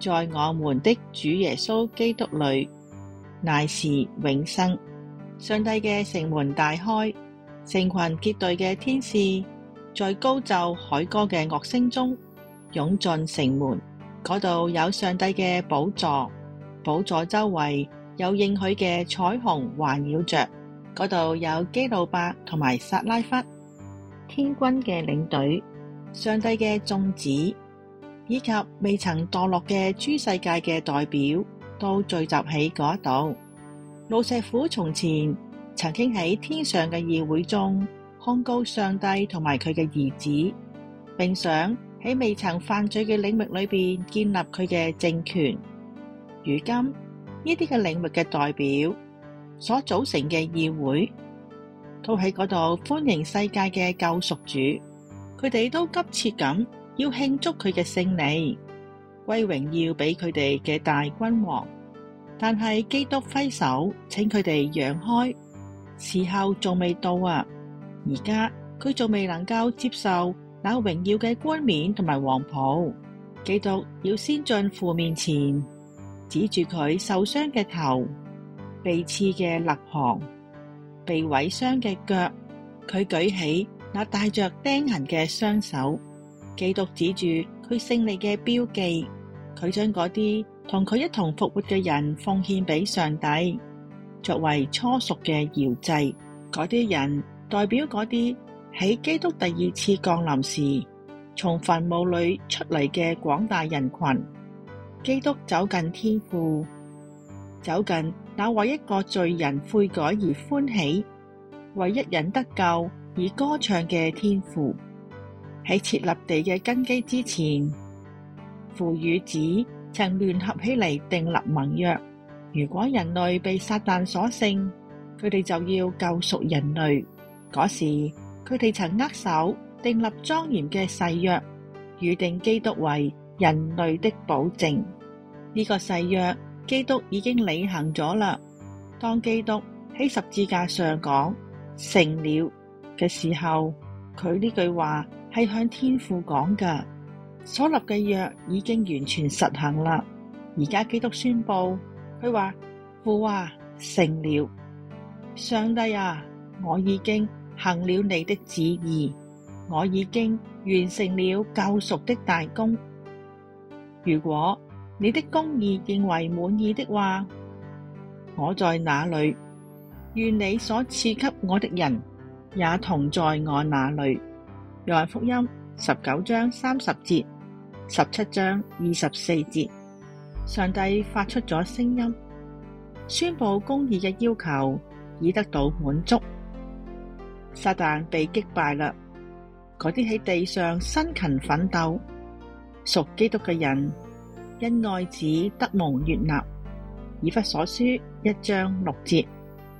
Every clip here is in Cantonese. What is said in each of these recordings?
在我們的主耶穌基督裏，乃是永生。上帝嘅城門大開，成群結隊嘅天使，在高奏凱歌嘅樂聲中，湧進城門。嗰度有上帝嘅寶座，寶座周圍有應許嘅彩虹環繞着。嗰度有基路伯同埋撒拉弗，天君嘅領隊，上帝嘅眾子。以及未曾墮落嘅諸世界嘅代表都聚集喺嗰度。老石虎從前曾經喺天上嘅議會中控告上帝同埋佢嘅兒子，並想喺未曾犯罪嘅領域裏邊建立佢嘅政權。如今呢啲嘅領域嘅代表所組成嘅議會，都喺嗰度歡迎世界嘅救贖主。佢哋都急切咁。要慶祝佢嘅勝利，歸榮耀俾佢哋嘅大君王。但係基督揮手，請佢哋讓開，時候仲未到啊。而家佢仲未能夠接受那榮耀嘅冠冕同埋皇袍。基督要先進父面前，指住佢受傷嘅頭，被刺嘅肋旁，被毀傷嘅腳，佢舉起那帶着釘痕嘅雙手。基督指住佢勝利嘅標記，佢將嗰啲同佢一同復活嘅人奉獻俾上帝，作為初熟嘅搖祭。嗰啲人代表嗰啲喺基督第二次降臨時從墳墓裏出嚟嘅廣大人群。基督走近天父，走近那為一個罪人悔改而歡喜，為一人得救而歌唱嘅天父。喺設立地嘅根基之前，父與子曾聯合起嚟訂立盟約。如果人類被撒旦所勝，佢哋就要救贖人類。嗰時，佢哋曾握手訂立莊嚴嘅誓約，預定基督為人類的保證。呢個誓約，基督已經履行咗啦。當基督喺十字架上講成了嘅時候，佢呢句話。係向天父講噶，所立嘅約已經完全實行啦。而家基督宣布，佢話，父啊，成了，上帝啊，我已經行了你的旨意，我已經完成了救贖的大功。如果你的公義認為滿意的話，我在哪裏，願你所賜給我的人也同在我那裏。約翰福音十九章三十節、十七章二十四節，上帝發出咗聲音，宣布公義嘅要求已得到滿足。撒旦被擊敗嘞，嗰啲喺地上辛勤奮鬥屬基督嘅人，因愛子得蒙悦納。以弗所書一章六節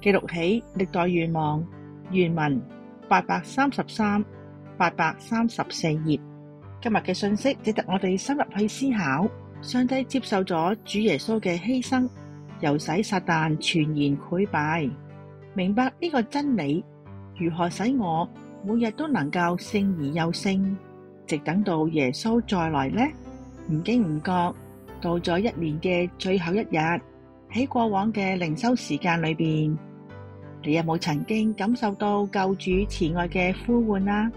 記錄起歷代願望原文八百三十三。八百三十四頁，今日嘅信息值得我哋深入去思考。上帝接受咗主耶穌嘅犧牲，又使撒旦全然潰敗。明白呢個真理，如何使我每日都能夠勝而又勝，直等到耶穌再來呢？唔經唔覺到咗一年嘅最後一日，喺過往嘅靈修時間裏邊，你有冇曾經感受到救主慈愛嘅呼喚啊？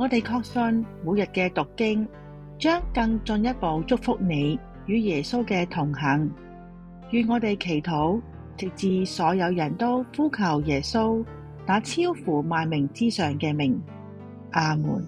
我哋確信每日嘅讀經將更進一步祝福你與耶穌嘅同行。願我哋祈禱，直至所有人都呼求耶穌那超乎萬名之上嘅名。阿門。